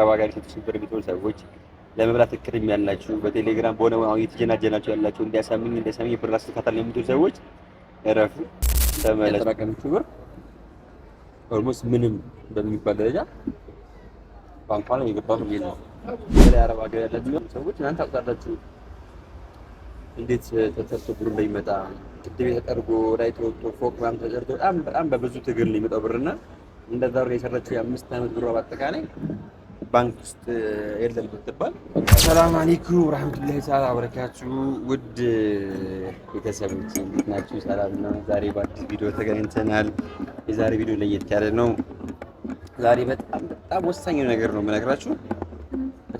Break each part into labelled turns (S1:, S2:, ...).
S1: ተባጋሪ ሴቶች ነበር የሚሆኑ ሰዎች ለመብላት እቅድ ያላችሁ በቴሌግራም በሆነ አሁን የተጀናጀናችሁ ያላችሁ እንዲያሳምኝ እንዲያሳምኝ ብር አስልካታል የምትሉ ሰዎች እረፉ።
S2: ተመለጠራቀሚቹ ብር ኦልሞስት ምንም በሚባል ደረጃ ባንኳ ላይ የገባ ነው ነው
S1: በተለይ አረብ ሀገር ያላችሁ ሰዎች እናንተ ታውቃላችሁ እንዴት ተሰርቶ ብሩ እንደሚመጣ ቅድም የተጠርጎ ላይ ተወጥቶ ፎቅ ምናምን ተጨርቶ በጣም በጣም በብዙ ትግል ነው የሚመጣው ብርና እንደዛ ነው የሰራችው የአምስት ዓመት ብሯ በአጠቃላይ ባንክ ውስጥ የለም ብትባል። ሰላም አሌይኩም ረህመቱላሂ ተዓላ በረካችሁ። ውድ ቤተሰቦች እንዴት ናችሁ? ሰላም ነው። ዛሬ በአዲስ ቪዲዮ ተገናኝተናል። የዛሬ ቪዲዮ ለየት ያለ ነው። ዛሬ በጣም በጣም ወሳኝ ነገር ነው የምነግራችሁ።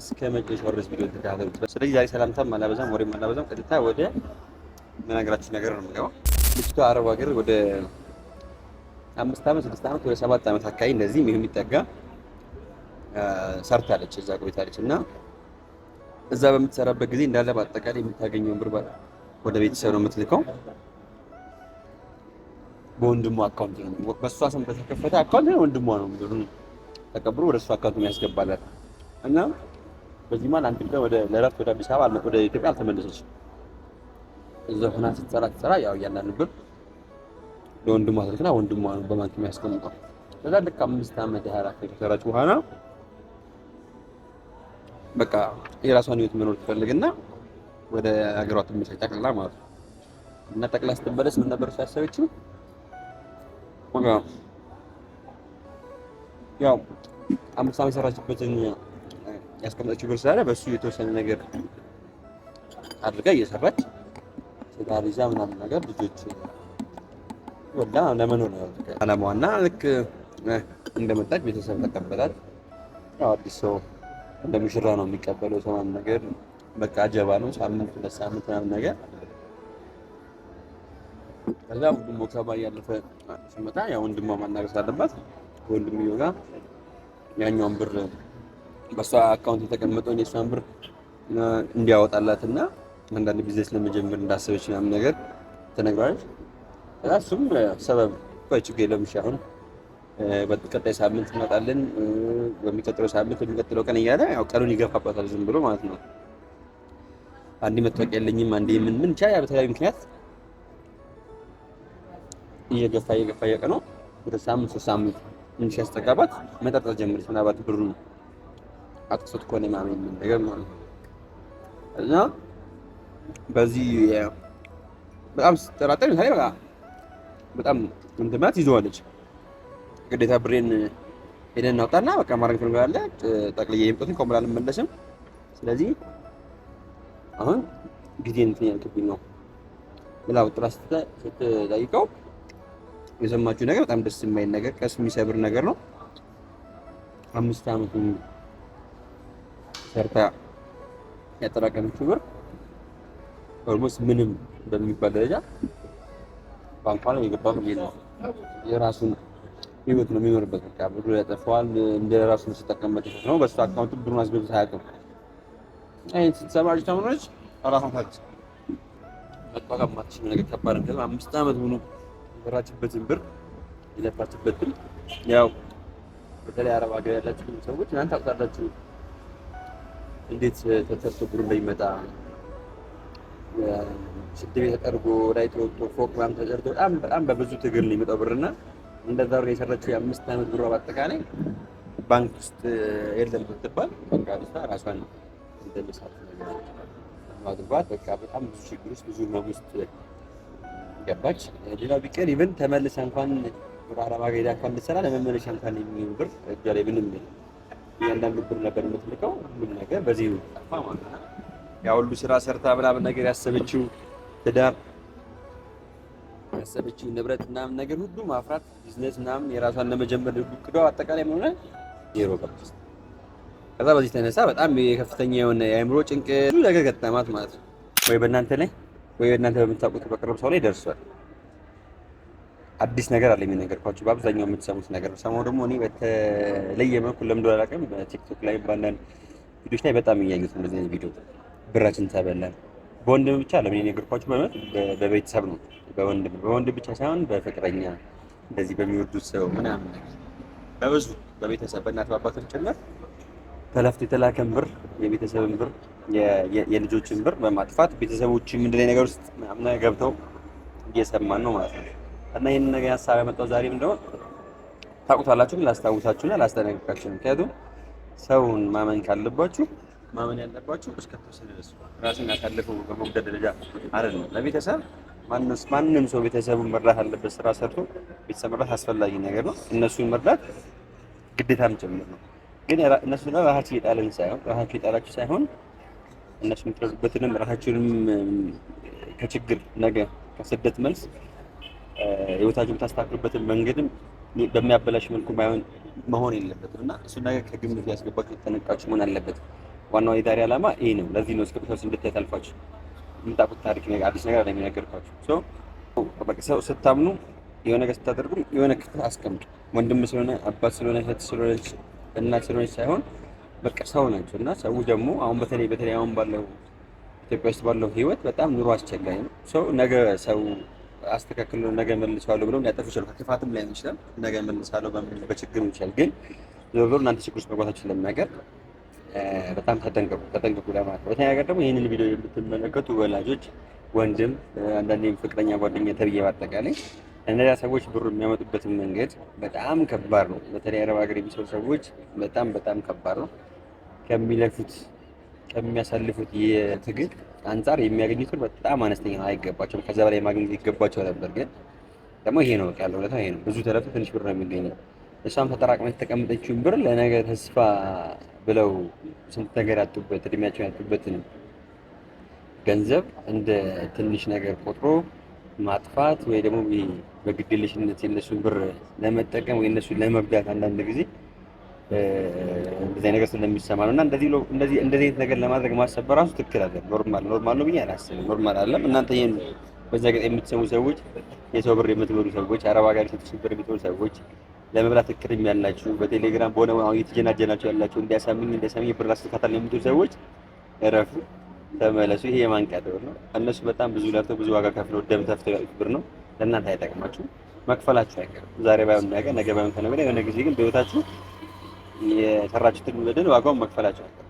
S1: እስከ መጨረሻው ድረስ ቪዲዮ ተከታተሉት። ስለዚህ ዛሬ ሰላምታም አላበዛም፣ ወሬም አላበዛም። ቀጥታ ወደ የምነግራችሁ ነገር ነው የምገባው። ልጅቷ አረብ ሀገር ወደ አምስት ዓመት ስድስት ዓመት ወደ ሰባት ዓመት አካባቢ እንደዚህ ይሁን የሚጠጋ ሰርታለች፣ እዛ ቆይታለች እና እዛ በምትሰራበት ጊዜ እንዳለ በአጠቃላይ የምታገኘውን ብር ወደ ቤተሰብ ነው የምትልከው። በወንድሟ አካውንት ነው፣ በእሷ ስም በተከፈተ አካውንት ነው። ወንድሟ ነው ብሩን ተቀብሎ ወደ እሷ አካውንት ያስገባላል። እና በዚህ መሀል አንድ ቀን ወደ ለእረፍት ወደ አዲስ አበባ ወደ ኢትዮጵያ አልተመለሰችም። እዛ ሆና ስትሰራ ስትሰራ ያው እያንዳንዱ ብር ለወንድሟ ትልክና ወንድሟ ነው በባንክ የሚያስቀምጠው። ከዛ ልክ አምስት ዓመት ያህል ሰራች በኋላ በቃ የራሷን ህይወት መኖር ትፈልግና ወደ ሀገሯ ትመጫጫቅላ ማለት ነው። እና ጠቅላ ስትመለስ ምን ነበር እሱ ያሰበችው? ያው አምስት ዓመት የሰራችበትን ያስቀመጠችው ብር ስላለ በእሱ የተወሰነ ነገር አድርጋ እየሰራች ትዳር ይዛ ምናምን ነገር ልጆች ወላ ለመኖር ነው ዓላማዋ። እና ልክ እንደመጣች ቤተሰብ ተቀበላት። አዲስ ሰው እንደ ሙሽራ ነው የሚቀበለው ሰው ምናምን ነገር በቃ አጀባ ነው። ሳምንት ሁለት ሳምንት ምናምን ነገር ከዛ ወንድሞ ከባ እያለፈ ሲመጣ ያ ወንድሞ ማናገር ሳለባት ወንድም ይወጋ ያኛውን ብር በእሷ አካውንት የተቀመጠውን የእሷን ብር እንዲያወጣላት እና አንዳንድ ቢዝነስ ለመጀመር እንዳሰበች ምናምን ነገር ተነግረዋለች። ከዛ እሱም ሰበብ ቆይ ችግር የለም እሺ አሁን በቀጣይ ሳምንት እንመጣለን፣ በሚቀጥለው ሳምንት፣ በሚቀጥለው ቀን እያለ ያው ቀኑን ይገፋበታል ዝም ብሎ ማለት ነው። አንዴ መታወቂያ የለኝም አንዴ ምን ምን ብቻ በተለያዩ ምክንያት እየገፋ እየገፋ ነው ወደ ሳምንት ሶስት ሳምንት ትንሽ ያስጠጋባት መጠርጠር ጀመረች። ምናልባት ብሩ አቅሶት ከሆነ ምናምን ምን ነገር ማለት ነው እና በዚህ በጣም ስጠራጠር ሳይ በጣም ምንድን ማለት ይዘዋለች ግዴታ ብሬን ሄደን እናውጣና በቃ ማድረግ ፈልገው ያለ ጠቅልዬ የምጡትን ኮምላ አልመለስም። ስለዚህ አሁን ጊዜ እንትን ያልክብኝ ነው ብላ ውጥራ ስትጠይቀው የሰማችሁ ነገር በጣም ደስ የማይል ነገር፣ ቀስ የሚሰብር ነገር ነው። አምስት ዓመት ሰርታ ያጠራቀመችው ብር ኦልሞስት ምንም በሚባል ደረጃ ባንኳ ላይ የገባ ነው የራሱን ህይወት ነው የሚኖርበት። በቃ ብሩ ያጠፋዋል። እንደ ራሱ ሲጠቀምበት ነው። በሱ አካውንት ብሩን አስገብቶ አያውቅም። ይህን ሰባጅ ተምሮች ራሳታችን መቋቋም ማትችል ነገር ከባድ እንደ አምስት ዓመት ሆኖ የሰራችበትን ብር የለፋችበትን ያው በተለይ አረብ ሀገር ያላችሁ ሰዎች እናንተ አውቃላችሁ እንዴት ተሰርቶ ብሩ እንደሚመጣ ስድብ የተጠርጎ ላይ ተወጥቶ ፎቅ ምናምን ተጨርቶ በጣም በጣም በብዙ ትግል ነው የሚመጣው ብርና እንደዛ አድርጋ የሰራችው የአምስት ዓመት ብሯ በአጠቃላይ ባንክ ውስጥ የለም ብትባል በቃ ራሷን እንደመሳት ነገር በቃ በጣም ብዙ ችግር ውስጥ ብዙ ህመም ውስጥ ገባች። ሌላው ቢቀር ኢቨን ተመልሰ እንኳን ወደ አረብ ሀገር ሄዳ እንኳን ልትሰራ ለመመለሻ እንኳን የሚሆን ብር እጇ ላይ ምንም እያንዳንዱ ብር ነበር የምትልቀው። ሁሉም ነገር በዚህ ጠፋ ያ ሁሉ ስራ ሰርታ ምናምን ነገር ያሰበችው ትዳር ያሰበችው ንብረት ምናምን ነገር ሁሉ ማፍራት ቢዝነስ ምናምን የራሷን ለመጀመር እቅዷ አጠቃላይ ምን ሆነ ዜሮ ገባ። ከዛ በዚህ ተነሳ በጣም የከፍተኛ የሆነ የአእምሮ ጭንቅ ብዙ ነገር ገጠማት ማለት ነው። ወይ በእናንተ ላይ ወይ በእናንተ በምታውቁት በቅርብ ሰው ላይ ደርሷል። አዲስ ነገር አለ የሚነገርኳቸው በአብዛኛው የምትሰሙት ነገር። ሰሞኑን ደግሞ እኔ በተለየ መልኩ ለምዶ አላውቅም በቲክቶክ ላይ በአንዳንድ ቪዲዮች ላይ በጣም እያየሁት እንደዚህ ቪዲዮ ብራችን ተበላን በወንድም ብቻ ለምን እኔ የነገርኳችሁ ማለት በቤተሰብ ነው። በወንድም በወንድም ብቻ ሳይሆን በፍቅረኛ እንደዚህ በሚወዱት ሰው ምናምን በብዙ በቤተሰብ በእናት በአባቶች ጭምር ተለፍቶ የተላከን ብር የቤተሰብን ብር የልጆችን ብር በማጥፋት ቤተሰቦች ምንድን ነገር ውስጥ ምናምን ገብተው እየሰማን ነው ማለት ነው። እና ይህን ነገር ሀሳብ ያመጣው ዛሬ ምንድነው ታውቁታላችሁ፣ ግን ላስታውሳችሁና ላስጠነቅቃችሁ። ምክንያቱም ሰውን ማመን ካለባችሁ ማመን ያለባችሁ እስከ ተወሰነ ድረስ ራስን አሳልፈው በመውደድ ደረጃ አይደለም። ለቤተሰብ ማንም ሰው ቤተሰቡን መርዳት አለበት። ስራ ሰርቶ ቤተሰብ መርዳት አስፈላጊ ነገር ነው። እነሱን መርዳት ግዴታም ጭምር ነው። ግን እነሱ ነው ራሳቸው የጣለን ሳይሆን ራሳቸው የጣላችሁ ሳይሆን እነሱ የምትረዱበትንም ራሳችሁንም ከችግር ነገ ከስደት መልስ ህይወታችሁ የምታስተካክሉበትን መንገድም በሚያበላሽ መልኩ ባይሆን መሆን የለበትም እና እሱን ነገር ከግምት ያስገባችሁ የተጠነቃችሁ መሆን አለበት። ዋናው የዛሬ ዓላማ ይሄ ነው። ለዚህ ነው እስክሪፕቶስ እንድታይ ታልፋችሁ የምታውቁት ታሪክ ነገር አዲስ ነገር ላይ የሚነገርኳችሁ ሰው ስታምኑ የሆነ ነገር ስታደርጉ የሆነ ክፍል አስቀምጡ። ወንድም ስለሆነ አባት ስለሆነ እህት ስለሆነች እናት ስለሆነች ሳይሆን በቃ ሰው ናቸው እና ሰው ደግሞ አሁን በተለይ በተለይ አሁን ባለው ኢትዮጵያ ውስጥ ባለው ህይወት በጣም ኑሮ አስቸጋሪ ነው። ሰው ነገ ሰው አስተካክሎ ነገ መልሰዋለሁ ብሎ ሊያጠፉ ይችላል። ከክፋትም ላይሆን ይችላል። ነገ መልሳለሁ በችግር ይችላል። ግን ዞሮ ዞሮ እናንተ ችግር ውስጥ መግባታችን ለምናገር በጣም ተጠንቀቁ ተጠንቀቁ ለማለት ነው። በተለይ ደግሞ ይህንን ቪዲዮ የምትመለከቱ ወላጆች፣ ወንድም፣ አንዳንዴም ፍቅረኛ ጓደኛ ተብዬ በአጠቃላይ እነዚያ ሰዎች ብሩ የሚያመጡበትን መንገድ በጣም ከባድ ነው። በተለይ አረብ ሀገር የሚሰሩ ሰዎች በጣም በጣም ከባድ ነው። ከሚለፉት ከሚያሳልፉት የትግል አንጻር የሚያገኙትን በጣም አነስተኛ አይገባቸውም። ከዛ በላይ ማግኘት ይገባቸው ነበር። ግን ደግሞ ይሄ ነው ያለው ሁኔታ ይሄ ነው። ብዙ ተለፍቶ ትንሽ ብር ነው የሚገኘው። እሷም ተጠራቅማ የተቀመጠችውን ብር ለነገ ተስፋ ብለው ስንት ነገር ያጡበት እድሜያቸውን ያጡበትን ገንዘብ እንደ ትንሽ ነገር ቆጥሮ ማጥፋት ወይ ደግሞ በግድልሽነት የእነሱን ብር ለመጠቀም ወይ እነሱን ለመጉዳት አንዳንድ ጊዜ እንደዚህ ነገር ስለሚሰማ ነው እና እንደዚህ አይነት ነገር ለማድረግ ማሰብ በራሱ ትክክል አለ ኖርማል ኖርማል ነው ብዬ አላስብም። ኖርማል አለም። እናንተ ይህን በዛ ጊዜ የምትሰሙ ሰዎች፣ የሰው ብር የምትበሉ ሰዎች፣ አረብ ሀገር ብር የምትበሉ ሰዎች ለመብላት እቅድም ያላችሁ በቴሌግራም በሆነ አሁን እየተጀናጀናችሁ ያላችሁ እንዲያሳምኝ እንዲያሳምኝ ብር አስተካታል የምትሉ ሰዎች እረፉ፣ ተመለሱ። ይሄ የማንቂያ ደወል ነው። እነሱ በጣም ብዙ ለፍተው ብዙ ዋጋ ከፍለው ደም ተፍተው ያሉት ብር ነው። ለእናንተ አይጠቅማችሁ፣ መክፈላችሁ አይቀርም። ዛሬ ባይሆን ነገ፣ ነገ ባይሆን ከነገ ወዲያ የሆነ ጊዜ ግን በህይወታችሁ የሰራችሁትን በደል ዋጋውን መክፈላችሁ አይቀርም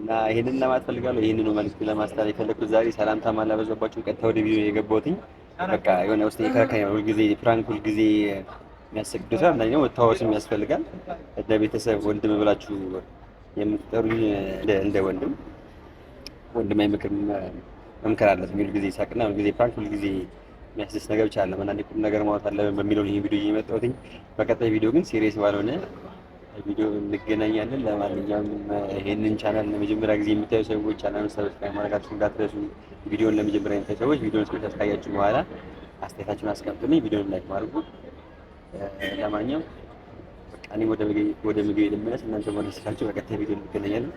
S1: እና ይህንን ለማለት ፈልጋለሁ። ይሄንን ነው መልዕክት ለማስተላለፍ የፈለኩት። ዛሬ ሰላምታ ማላበዛባችሁ ቀጥታ ወደ ቪዲዮ የገባሁትኝ በቃ የሆነ ውስጥ የተከራከረ ሁልጊዜ ፕራንክ ሁልጊዜ የሚያሰግዱት አንደኛው መታወስም ያስፈልጋል። ቤተሰብ ወንድም ብላችሁ የምትጠሩኝ እንደ ወንድም ወንድም አይምክር መምከር አለት ሁል ጊዜ ሳቅና ሁል ጊዜ ፕራንክ ሁል የሚያስደስት ነገር ብቻ አለ አንዳንዴ ቁም ነገር ማውጣት አለብን በሚለው ይህ ቪዲዮ እየመጣሁት፣ በቀጣይ ቪዲዮ ግን ሲሪየስ ባልሆነ ቪዲዮ እንገናኛለን። ለማንኛውም ይህንን ቻናል ለመጀመሪያ ጊዜ የምታዩ ሰዎች ቻናሉን ሰብስክራይብ ማድረጋችሁ እንዳትረሱ። ቪዲዮን ለመጀመሪያ የምታዩ ሰዎች ቪዲዮን እስከ ታያችሁ በኋላ አስተያየታችሁን አስቀምጡልኝ። ቪዲዮን ላይክ ማድረጉ ለማንኛውም እኔም ወደ ምግብ ልመለስ፣ እናንተ ወደ በቀጣይ ቪዲዮ እንገናኛለን።